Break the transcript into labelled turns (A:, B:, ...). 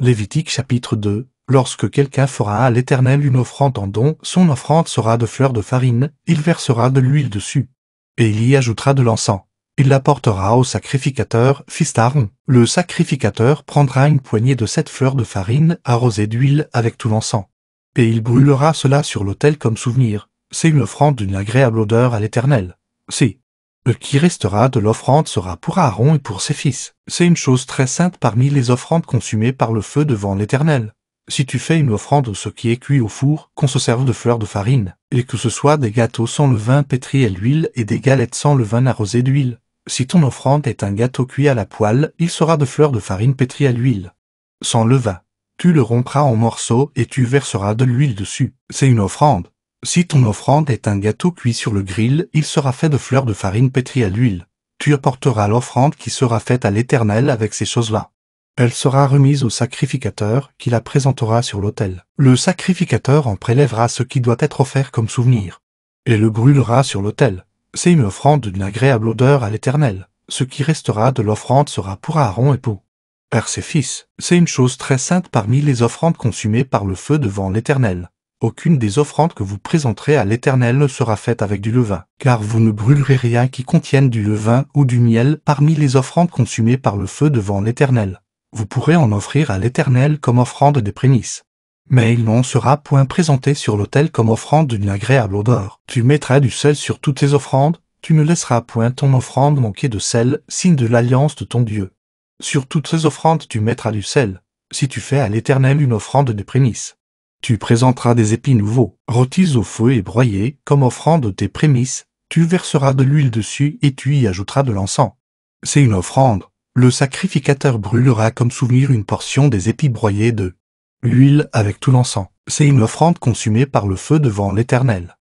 A: Lévitique chapitre 2 Lorsque quelqu'un fera à l'Éternel une offrande en don, son offrande sera de fleurs de farine, il versera de l'huile dessus, et il y ajoutera de l'encens. Il l'apportera au sacrificateur, fils d'Aaron. Le sacrificateur prendra une poignée de sept fleurs de farine arrosée d'huile avec tout l'encens. Et il brûlera cela sur l'autel comme souvenir. C'est une offrande d'une agréable odeur à l'Éternel. Si. Ce qui restera de l'offrande sera pour Aaron et pour ses fils. C'est une chose très sainte parmi les offrandes consumées par le feu devant l'Éternel. Si tu fais une offrande de ce qui est cuit au four, qu'on se serve de fleurs de farine, et que ce soit des gâteaux sans levain pétri à l'huile et des galettes sans levain arrosées d'huile. Si ton offrande est un gâteau cuit à la poêle, il sera de fleurs de farine pétrie à l'huile. Sans levain. Tu le rompras en morceaux et tu verseras de l'huile dessus. C'est une offrande. Si ton offrande est un gâteau cuit sur le grill, il sera fait de fleurs de farine pétrie à l'huile. Tu apporteras l'offrande qui sera faite à l'Éternel avec ces choses-là. Elle sera remise au sacrificateur qui la présentera sur l'autel. Le sacrificateur en prélèvera ce qui doit être offert comme souvenir et le brûlera sur l'autel. C'est une offrande d'une agréable odeur à l'Éternel. Ce qui restera de l'offrande sera pour Aaron et pour Père ses fils. C'est une chose très sainte parmi les offrandes consumées par le feu devant l'Éternel aucune des offrandes que vous présenterez à l'Éternel ne sera faite avec du levain, car vous ne brûlerez rien qui contienne du levain ou du miel parmi les offrandes consumées par le feu devant l'Éternel. Vous pourrez en offrir à l'Éternel comme offrande des prémices. Mais il n'en sera point présenté sur l'autel comme offrande d'une agréable odeur. Tu mettras du sel sur toutes tes offrandes, tu ne laisseras point ton offrande manquer de sel, signe de l'alliance de ton Dieu. Sur toutes tes offrandes tu mettras du sel, si tu fais à l'Éternel une offrande des prémices. Tu présenteras des épis nouveaux, rôtis au feu et broyés, comme offrande tes prémices. Tu verseras de l'huile dessus et tu y ajouteras de l'encens. C'est une offrande. Le sacrificateur brûlera comme souvenir une portion des épis broyés de l'huile avec tout l'encens. C'est une offrande consumée par le feu devant l'Éternel.